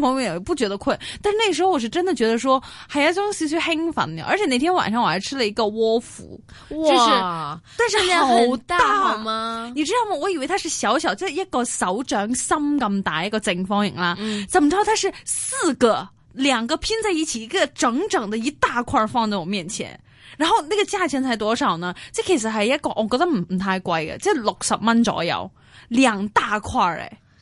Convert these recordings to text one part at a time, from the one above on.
朋友也不覺得困，但那時候我是真的覺得說還有一種少少興奮的。而且那天晚上我還吃了一個窩夫，哇，就是、但是量很大好嗎？你知道嗎？我以為它是小小，即、就、係、是、一個手掌心咁大一個正方形啦。嗯，怎麼着？它是四個，兩個拼在一起，一個整整的一大塊放在我面前。然後那個價錢才多少呢？這其實係一個，我覺得唔太貴嘅，即六十蚊左右，兩大塊嚟、欸。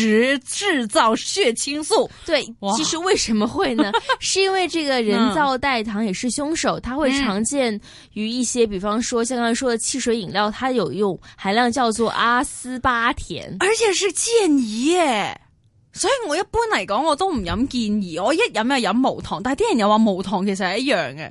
直製造血清素，對，其實為什麼會呢？ 是因為這個人造代糖也是兇手、嗯，它會常見於一些，比方說像剛才說的汽水飲料，它有用含量叫做阿斯巴甜，而且是健怡。所以我一般來講，我都唔飲健怡，我一飲就飲無糖，但係啲人又話無糖其實係一樣嘅。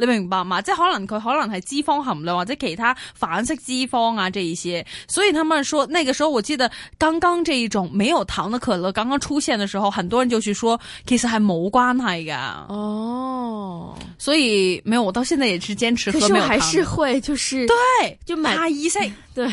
你明白嘛？即係可能佢可能係脂肪含量或者其他反式脂肪啊，這一些。所以他們說，那個時候我記得剛剛這一種沒有糖的可樂剛剛出現的時候，很多人就去說其實係冇關係嘅。哦，所以沒有，我到現在也是堅持喝。可是還是會，就是對，就買一歲、嗯、對。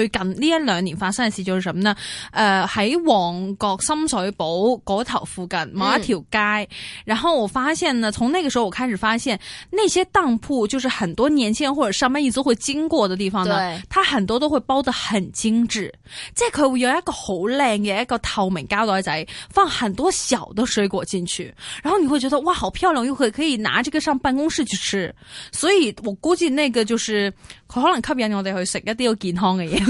最近呢一兩年發生嘅事就是什麼呢？誒、呃，喺旺角深水埗嗰頭附近某一條街，嗯，然後我發現呢，從那個時候我開始發現，那些當鋪，就是很多年輕人或者上班一族會經過的地方呢，佢很多都會包得很精致，即係佢會有一個好靚嘅一個透明膠袋仔，放很多小嘅水果進去，然後你會覺得哇，好漂亮，又佢可以拿這個上辦公室去吃，所以我估計那個就是佢可能吸引我哋去食一啲健康嘅嘢。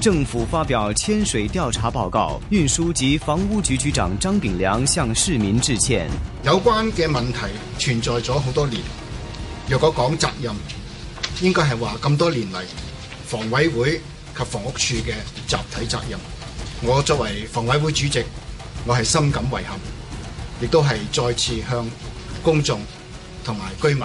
政府發表鉛水調查報告，運輸及房屋局局長張炳良向市民致歉。有關嘅問題存在咗好多年，若果講責任，應該係話咁多年嚟，房委會及房屋處嘅集體責任。我作為房委會主席，我係深感遺憾，亦都係再次向公眾同埋居民。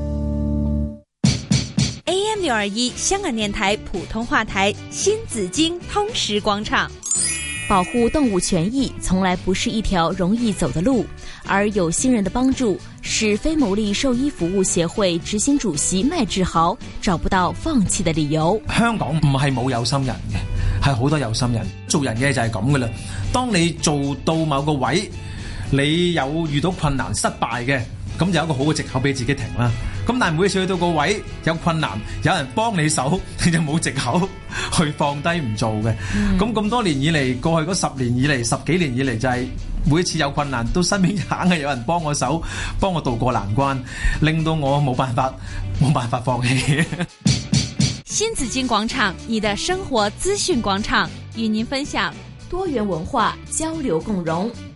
六二一香港電台普通話台，新紫荊通識廣場。保護動物權益從來不是一條容易走的路，而有心人的幫助，是非牟利獸醫服務協會執行主席麥志豪找不到放棄的理由。香港唔係冇有心人嘅，係好多有心人。做人嘅就係咁噶啦。當你做到某個位，你有遇到困難、失敗嘅。咁就有一個好嘅藉口俾自己停啦。咁但係每次去到個位有困難，有人幫你手，你就冇藉口去放低唔做嘅。咁、嗯、咁多年以嚟，過去嗰十年以嚟，十幾年以嚟，就係每一次有困難，都身邊硬係有人幫我手，幫我渡過難關，令到我冇辦法，冇辦法放棄。 新紫荊廣場，你的生活資訊廣場，與您分享多元文化交流共融。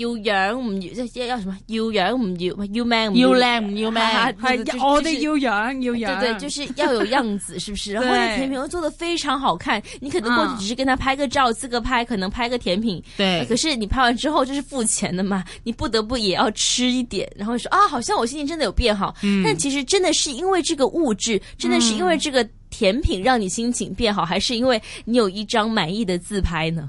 要樣唔要要要什麼？要樣唔要？唔要命？要靚唔要命？係我哋要樣，要樣。對對，就是要有樣子， 是不是？然後甜品會做的非常好看，你可能過去只是跟他拍個照，嗯、自個拍，可能拍個甜品。對、嗯。可是你拍完之後就是付錢的嘛，你不得不也要吃一點，然後說啊，好像我心情真的有變好。嗯、但其實真的是因為這個物質，真的是因為這個甜品讓你心情變好，還是因為你有一張滿意的自拍呢？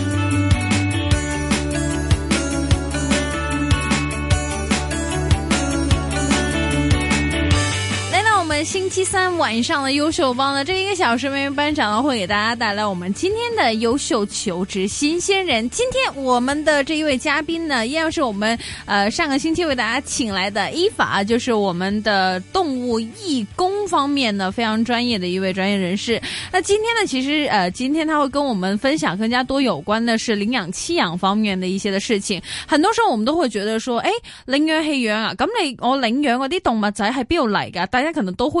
星期三晚上的優秀榜呢，這個、一個小時，名譽班長呢會給大家帶來我們今天的優秀求職新鮮人。今天我們的這一位嘉賓呢，依然是我們呃上個星期為大家請來的伊法，就是我們的動物義工方面呢非常專業的一位專業人士。那今天呢，其實呃今天他會跟我們分享更加多有關的是領養棄養方面的一些的事情。很多時候我們都會覺得說，哎，領養棄養啊，咁、哦啊、你我領養嗰啲動物仔係邊度嚟噶？大家可能都會。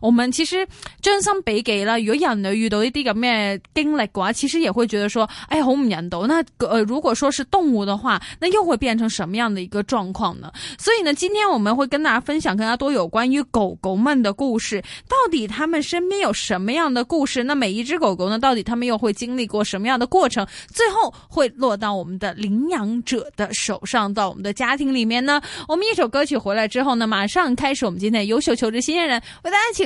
我們其實將心比己啦，如果人類遇到一啲咁咩經歷嘅話，其實也會覺得說，哎，好唔人道。那呃，如果說是動物嘅話，那又會變成什麼樣的一個狀況呢？所以呢，今天我們會跟大家分享更加多有關於狗狗們的故事。到底他們身邊有什麼樣的故事？那每一隻狗狗呢，到底他們又會經歷過什麼樣的過程？最後會落到我們的領養者的手上，到我們的家庭裏面呢？我們一首歌曲回來之後呢，馬上開始我們今天嘅優秀求職新鮮人為大家請。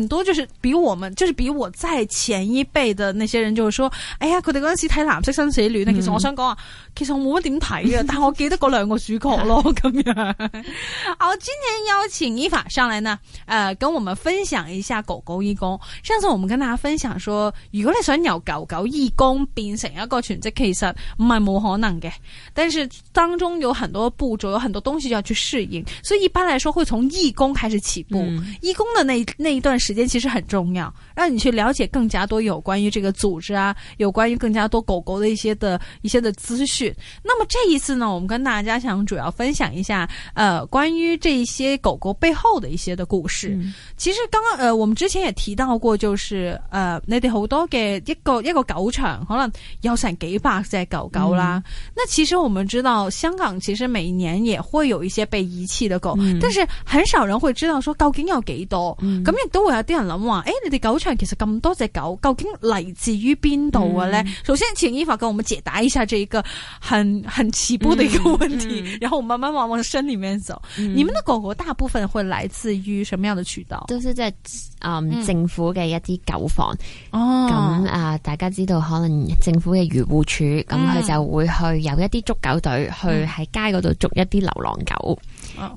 很多就是比我們，就是比我再前一輩的那些人，就是說，哎呀，佢哋陣時睇藍色生死戀，但其實我想講啊、嗯，其實我冇乜點睇啊， 但我記得兩個主角咯，咁樣。好，今天邀請依法上來呢，誒、呃，跟我們分享一下狗狗義工。上次我們跟大家分享說，如果你想由狗狗義工變成一個全職，其實唔係冇可能嘅，但是當中有很多步驟，有很多東西要去適應，所以一般來說會從義工開始起步。嗯、義工的那那一段時。時間其實很重要，讓你去了解更加多有關於這個組織啊，有關於更加多狗狗的一些的一些的資訊。那麼這一次呢，我們跟大家想主要分享一下，呃，關於這一些狗狗背後的一些的故事。嗯、其實剛剛呃，我們之前也提到過，就是呃，你哋好多嘅一個一個狗場，可能有成幾百隻狗狗啦、嗯。那其實我們知道，香港其實每年也會有一些被遺棄的狗，嗯、但是很少人會知道說究竟要幾多，咁、嗯、亦都要。有啲人諗話，誒、欸，你哋狗場其實咁多隻狗，究竟嚟自於邊度嘅咧？首先，請依法給我們解答一下這個很很淺薄的一個問題，嗯嗯、然後我慢慢往往身裏面走、嗯。你們的狗狗大部分會來自於什麼樣的渠道？就是在嗯、呃、政府嘅一啲狗房哦。咁、嗯、啊、呃，大家知道可能政府嘅漁護署，咁佢就會去有一啲捉狗隊、嗯、去喺街嗰度捉一啲流浪狗。哦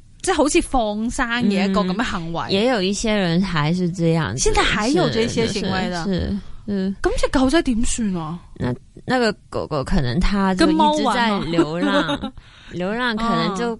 即係好似放生嘅一個咁嘅行為，嗯，也有一些人還是這樣子，現在還有這些行為的是、就是、是，是嗯，咁隻狗仔點算啊？那那個狗狗可能它就一直在流浪，流浪可能就、 哦。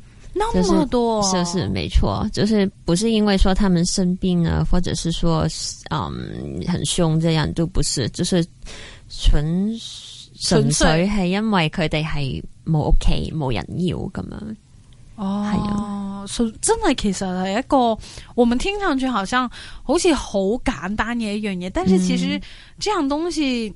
那麼多就是，沒錯，就是，就是就是，不是因為說他們生病啊，或者是說，嗯，很凶這樣都不是，就是純純粹係因為佢哋係冇屋企，冇人要咁樣。哦，係啊，so, 真係其實係一個，我們聽上去好像好似好簡單嘅一樣嘢，嗯，但是其實這樣東西。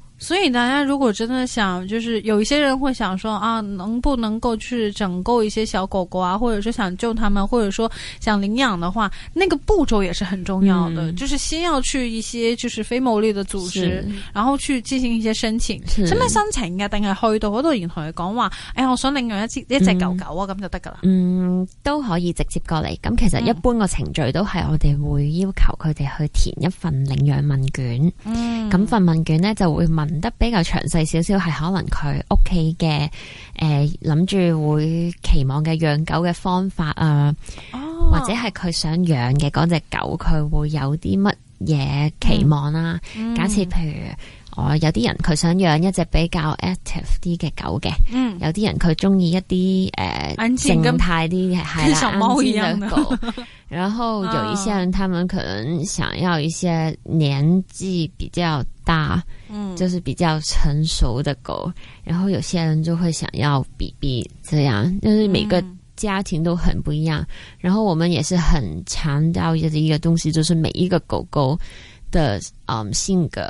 所以大家如果真的想，就是有一些人會想說啊，能不能夠去拯救一些小狗狗啊，或者說想救他們，或者說想領養的話，那個步驟也是很重要的、嗯，就是先要去一些就是非牟利的組織，然後去進行一些申請，咩申請嘅，定係去到嗰度然同佢講話，誒、欸，我想領養一隻一隻狗狗啊，咁、嗯、就得噶啦。嗯，都可以直接過嚟，咁其實一般個程序都係我哋會要求佢哋去填一份領養問卷，咁、嗯、份問卷咧就會問。.得比較詳細少少，係可能佢屋企嘅誒諗住會期望嘅養狗嘅方法啊，oh. 或者係佢想養嘅嗰隻狗，佢會有啲乜嘢期望啦、啊？Mm. 假設譬如。哦、oh，有啲人佢想養一隻比較 active 啲嘅狗嘅、嗯，有啲人佢中意一啲誒靜態啲係啦貓一樣嘅狗。 然後有一些人，他們可能想要一些年紀比較大，嗯，就是比較成熟的狗，然後有些人就會想要 B B 這樣，就是每個家庭都很不一樣。嗯、然後我們也是很強調一個一個東西，就是每一個狗狗的嗯性格。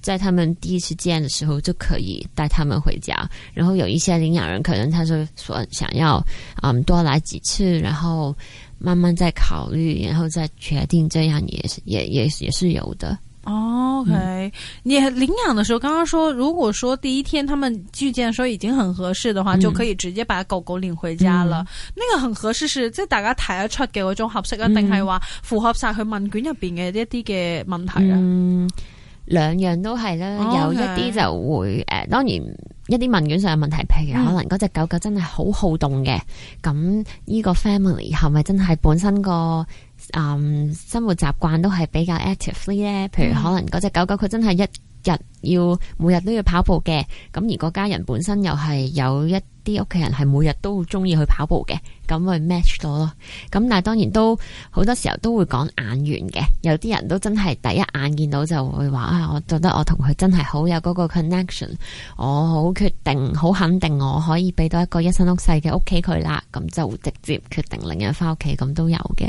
在他們第一次見的時候就可以帶他們回家，然後有一些領養人可能他就說想要嗯，多來幾次，然後慢慢再考慮，然後再決定，這樣也是也也也是有的。Oh, OK，嗯、你領養的時候剛剛說，如果說第一天他們遇見說已經很合適的話，嗯，就可以直接把狗狗領回家了。嗯、那個很合適是，即大家睇得出啊，創嘅嗰種合適啊，定係話符合晒去問卷入邊嘅一啲嘅問題啊？嗯兩樣都係啦，okay。有一啲就會誒、呃，當然一啲問卷上嘅問題，譬如可能嗰隻狗狗真係好好動嘅，咁呢個 family 係咪真係本身個誒、嗯、生活習慣都係比較 actively 咧？譬如可能嗰隻狗狗佢真係一日要每日都要跑步嘅，咁而個家人本身又係有一啲屋企人係每日都中意去跑步嘅。咁去 match 到咯，咁但係當然都好多時候都會講眼緣嘅，有啲人都真係第一眼見到就會話啊，我覺得我同佢真係好有嗰個 connection，我好決定，好肯定我可以俾到一個一生一世嘅屋企佢啦，咁就直接決定領養翻屋企，咁都有嘅。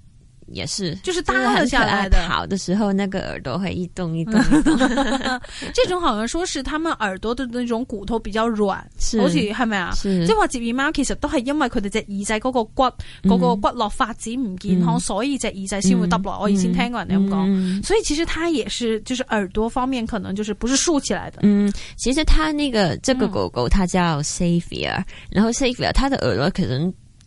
也是，就是耷拉下來的。好、就是、的時候，那個耳朵會一動一動。 這種好像說是他們耳朵的那種骨頭比較軟，是，好似係咪啊？即係話折耳貓其實都係因為佢哋隻耳仔嗰個骨嗰、嗯那個骨骼發展唔健康，嗯、所以隻耳仔先會耷落。嗯、我以前聽過人哋咁講，所以其實它也是就是耳朵方面可能就是不是豎起來的。嗯，其實它那個這個狗狗它叫 Savia，、嗯、然後 Savia 它的耳朵可能。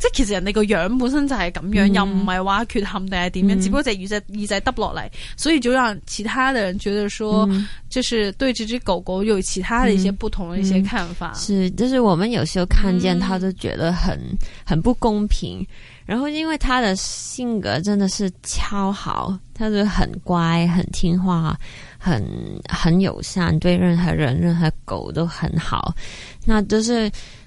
即其實人哋個樣本身就係咁樣，嗯、又唔係話缺陷定係點樣、嗯，只不過隻耳仔耳仔耷落嚟，所以就讓其他的人覺得說，嗯、就是對這隻狗狗有其他的一些不同的一些看法。嗯嗯、是，就是我們有時候看見它都覺得很、嗯、很不公平。然後因為它的性格真的是超好，它就很乖、很聽話、很很友善，對任何人、任何狗都很好。那就是。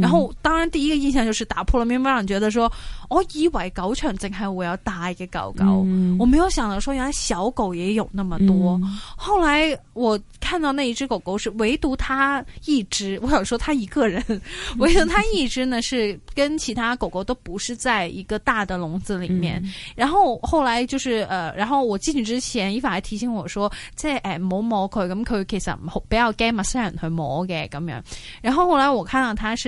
然後當然第一個印象就是打破了麵包，讓你覺得說，我以為狗場正係我要大嘅狗狗。嗯，我沒有想到說原來小狗也有那麼多。嗯、後來我看到那一隻狗狗是唯獨它一隻，我想說它一個人，嗯、唯獨它一隻呢是跟其他狗狗都不是在一個大的籠子裡面。嗯、然後後來就是，呃，然後我進去之前，伊法還提醒我說，即係誒，唔好摸佢，咁佢其實好比較驚陌生人去摸嘅咁樣。然後後來我看到他是。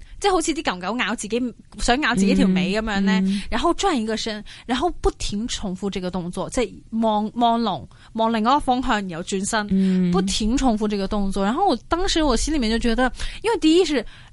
即係好似啲狗狗咬自己，想咬自己條尾咁樣咧，然後轉一個身，然後不停重複這個動作，即係望望龍，望另一個方向，然後轉身、嗯，不停重複這個動作。然後我當時我心裏面就覺得，因為第一是。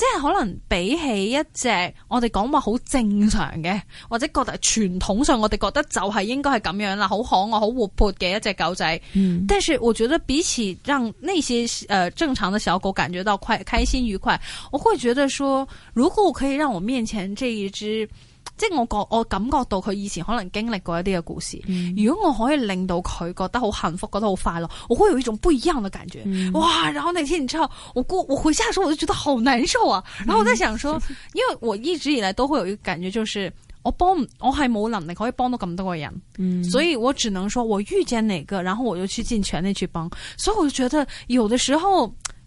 即係可能比起一隻我哋講話好正常嘅，或者覺得傳統上我哋覺得就係應該係咁樣啦，好可愛、好活潑嘅一隻狗仔。嗯，但是我覺得比起讓那些誒正常嘅小狗感覺到快開心愉快，我會覺得說，如果我可以讓我面前呢一隻。即係我覺，我感覺到佢以前可能經歷過一啲嘅故事、嗯。如果我可以令到佢覺得好幸福，覺得好快樂，我會有一種不一樣嘅感覺、嗯。哇！然後那天你知道，我過我回家嘅時候，我就覺得好難受啊。然後我就想說、嗯，因為我一直以來都會有一個感覺，就是我幫，我係冇能力可以幫到咁多個人、嗯，所以我只能說，我遇見哪個，然後我就去盡全力去幫。所以我就覺得，有的時候。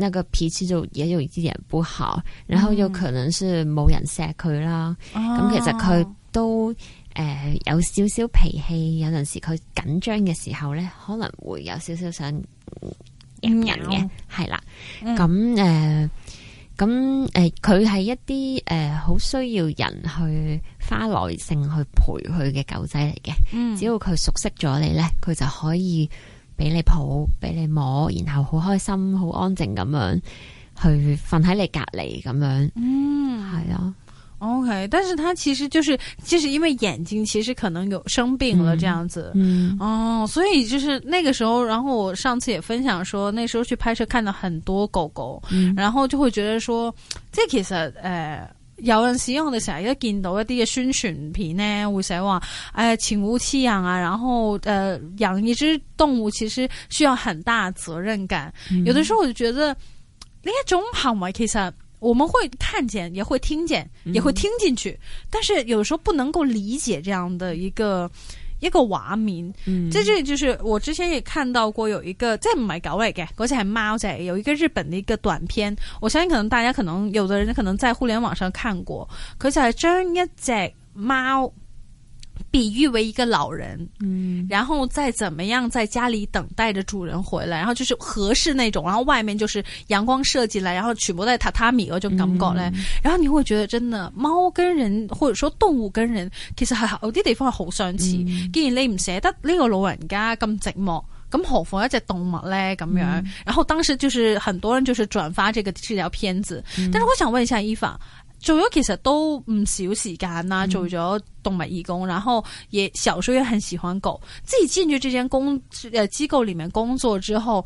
那個脾氣就也有一啲人不好，然後有可能是冇人錫佢啦。咁、嗯、其實佢都誒、呃、有少少脾氣，有陣時佢緊張嘅時候咧，可能會有少少想陰人嘅，係、嗯、啦。咁誒、咁、嗯、誒，佢係、呃呃、一啲誒好需要人去花耐性去陪佢嘅狗仔嚟嘅、嗯。只要佢熟悉咗你咧，佢就可以。俾你抱，俾你摸，然後好開心，好安靜咁樣去瞓喺你隔籬咁樣，嗯，係啊，OK。但是他其實就是，其實因為眼睛其實可能有生病了，嗯、這樣子，哦、嗯嗯，所以就是那個時候，然後我上次也分享說，那時候去拍攝看到很多狗狗、嗯，然後就會覺得說即係其實，誒。有陣時我哋成日一見到一啲嘅宣傳片呢，會寫話誒，請勿棄養啊，然後誒、呃，養一隻動物其實需要很大責任感。嗯、有的時候我就覺得呢種行為其實我們會看見，也會聽見，也會聽進去，嗯、但是有時候不能夠理解這樣的一個。一個畫面，即、嗯、係，這這就是我之前也看到過有一個，再唔係狗嚟嘅，嗰隻係貓仔，有一個日本的一個短片，我相信可能大家可能，有的人可能在互聯網上看過，佢就係將一隻貓。比喻為一個老人，嗯，然後再怎麼樣在家裏等待着主人回來，然後就是合適那種，然後外面就是陽光射進來，然後全部都榻榻米嗰種感覺嘞、嗯。然後你會覺得真的貓跟人或者說動物跟人其實還有啲地方好相似、嗯。既然你唔捨得呢個老人家咁寂寞，咁何況一隻動物咧咁樣、嗯？然後當時就是很多人就是轉發這個這條片子、嗯，但是我想問一下伊法。做咗其實都唔少時間啦、啊，做、嗯、咗動物義工，然後也小時候也很喜歡狗。自己進去這間公呃機構裏面工作之後，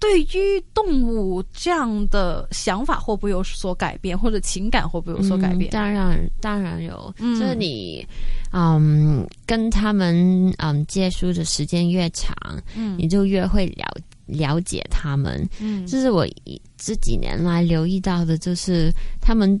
對於動物這樣的想法會不會有所改變，或者情感會不會有所改變？嗯、當然，當然有、嗯。就是你，嗯，跟他們，嗯，接觸的時間越長，嗯，你就越會了了解他們。嗯，這、就是我這幾年來留意到的，就是他們。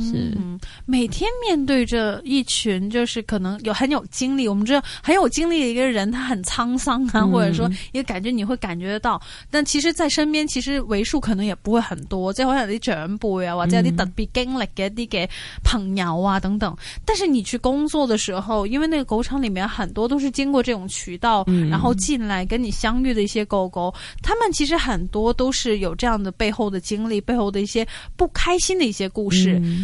是、嗯，每天面對着一群就是可能有很有經歷，我們知道很有經歷的一個人，他很滄桑啊，或者說也感覺你會感覺得到、嗯。但其實，在身邊，其實為數可能也不會很多，即好像你長輩啊，或者有啲特別經歷嘅一啲嘅朋友啊等等。但是你去工作的時候，因為那個狗場裏面很多都是經過這種渠道、嗯，然後進來跟你相遇的一些狗狗，他們其實很多都是有這樣的背後的經歷，背後的一些不開心的一些故事。嗯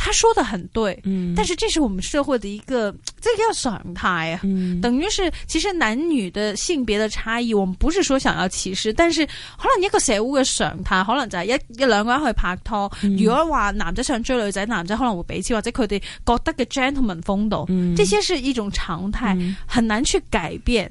他說的很對，嗯，但是這是我們社會的一個這個常態啊，嗯，等於是其實男女的性別的差異，我們不是說想要歧視，但是可能一個社會嘅常態，可能就係一一兩個人去拍拖，如果話男仔想追女仔，男仔可能會俾錢，或者佢哋覺得嘅 gentleman 風度，嗯，這些是一種常態，嗯，很難去改變。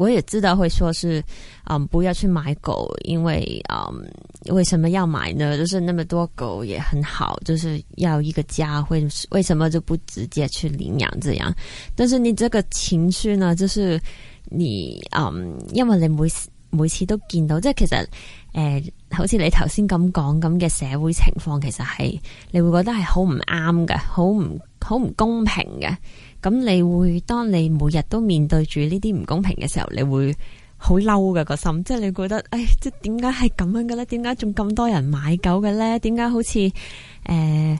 我也知道會說是，嗯，不要去買狗，因為，嗯，為什麼要買呢？就是那麼多狗也很好，就是要一個家，為什麼就不直接去領養這樣？但是你這個情緒呢，就是你，嗯，因為你每每次都見到，即係其實，誒，好似你頭先咁講咁嘅社會情況，其實係你會覺得係好唔啱嘅，好唔好唔公平嘅。咁你會當你每日都面對住呢啲唔公平嘅時候，你會好嬲㗎個心，即係你覺得，誒，即係點解係咁樣嘅咧？點解仲咁多人買狗嘅咧？點解好似誒誒，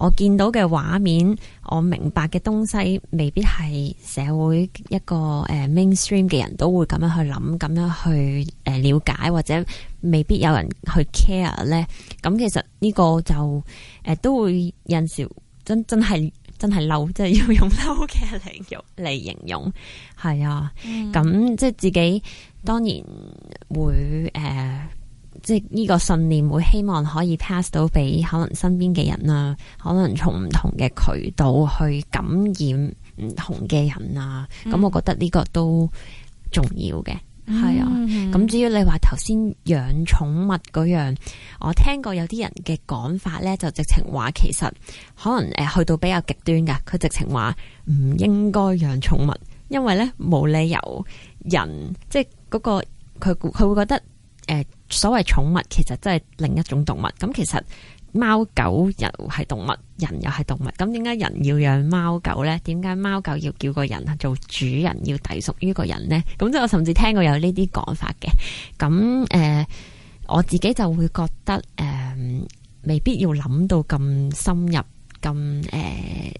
我見到嘅畫面，我明白嘅東西，未必係社會一個誒 mainstream 嘅人都會咁樣去諗，咁樣去誒了解，或者未必有人去 care 咧。咁其實呢個就誒、呃、都會有時真真係。真係嬲，即係要用嬲嘅，嚟，用嚟形容，係啊。咁、嗯、即係自己當然會誒、呃，即係呢個信念會希望可以 pass 到俾可能身邊嘅人啦，可能從唔同嘅渠道去感染唔同嘅人啊。咁、嗯、我覺得呢個都重要嘅。係啊，咁、mm-hmm. 至於你話頭先養寵物嗰樣，我聽過有啲人嘅講法咧，就直情話其實可能誒去到比較極端噶，佢直情話唔應該養寵物，因為咧冇理由人即係嗰、個佢佢會覺得誒、呃、所謂寵物其實真係另一種動物，咁其實。貓狗又係動物，人又係動物，咁點解人要養貓狗呢？點解貓狗要叫個人做主人，要隸屬於個人呢？咁即係我甚至聽過有呢啲講法嘅，咁誒、呃，我自己就會覺得誒、呃，未必要諗到咁深入。咁誒誒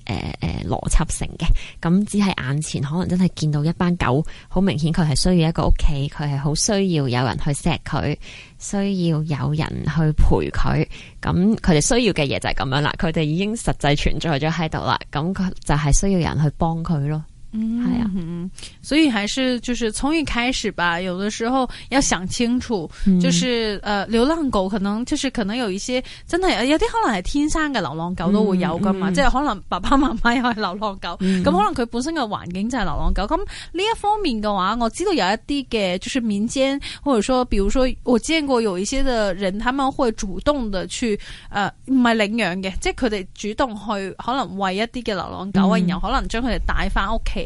誒，邏輯性嘅，咁只係眼前可能真係見到一班狗，好明顯佢係需要一個屋企，佢係好需要有人去錫佢，需要有人去陪佢，咁佢哋需要嘅嘢就係咁樣啦，佢哋已經實際存在咗喺度啦，咁佢就係需要人去幫佢咯。係、嗯、啊，所以還是就是從一開始吧，有的時候要想清楚，嗯、就是，誒、呃，流浪狗可能就是可能有一些真係有啲可能係天生嘅流浪狗都會有噶嘛，即、嗯、係、嗯就是、可能爸爸媽媽又係流浪狗，咁、嗯、可能佢本身嘅環境就係流浪狗，咁、嗯、呢一方面嘅話，我知道有一啲嘅，就是民間或者說，比如說我見過有一些嘅人，他們會主動的去，誒、呃，唔係領養嘅，即係佢哋主動去可能餵一啲嘅流浪狗啊、嗯，然後可能將佢哋帶翻屋企。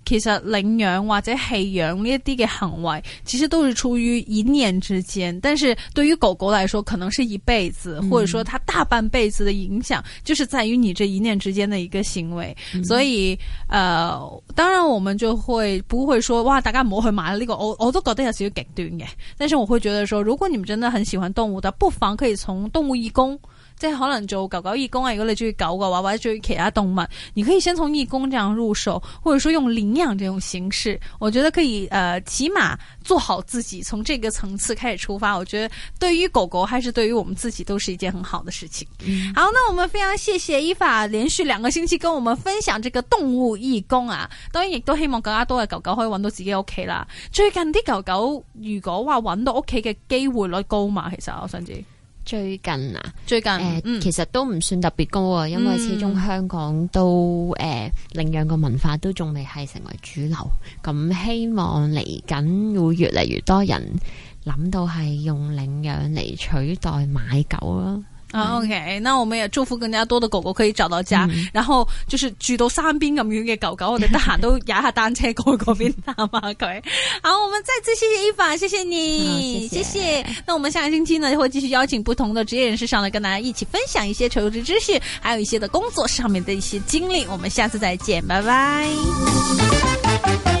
其實領養或者棄養呢一啲嘅行為，其實都是出於一念之間。但是對於狗狗來說，可能是一輩子、嗯，或者說它大半輩子的影響，就是在於你這一念之間的一個行為、嗯。所以，呃，當然我們就會不會說，哇，大家唔好去買呢、這個，我我都覺得有少少極端嘅。但是我會覺得說，如果你們真的很喜歡動物的，不妨可以從動物義工。即係可能做狗狗義工啊，如果你中意狗嘅話，或者中意其他動物，你可以先從義工這樣入手，或者說用領養這種形式，我覺得可以，呃，起碼做好自己，從這個層次開始出發，我覺得對於狗狗還是對於我們自己都是一件很好的事情。嗯、好，那我們非常謝謝伊法連續兩個星期跟我們分享這個動物義工啊，當然亦都希望更加多嘅狗狗可以揾到自己屋企啦。最近啲狗狗如果話揾到屋企嘅機會率高嘛，其實我想知。最近啊，最近誒、呃嗯、其實都唔算特別高啊，因為始終香港都誒、呃、領養個文化都仲未係成為主流，咁希望嚟緊會越嚟越多人諗到係用領養嚟取代買狗咯。啊、oh，OK，那我們也祝福更加多的狗狗可以找到家。嗯、然後就是住到山邊咁遠嘅狗狗，我哋得閒都踩下單車過嗰邊探嘛，各位。好，我們再次謝謝伊凡、哦，謝謝你，謝謝。那我們下個星期呢就會繼續邀請不同的職業人士上來，跟大家一起分享一些求職知識，還有一些的工作上面的一些經歷。我們下次再見，拜拜。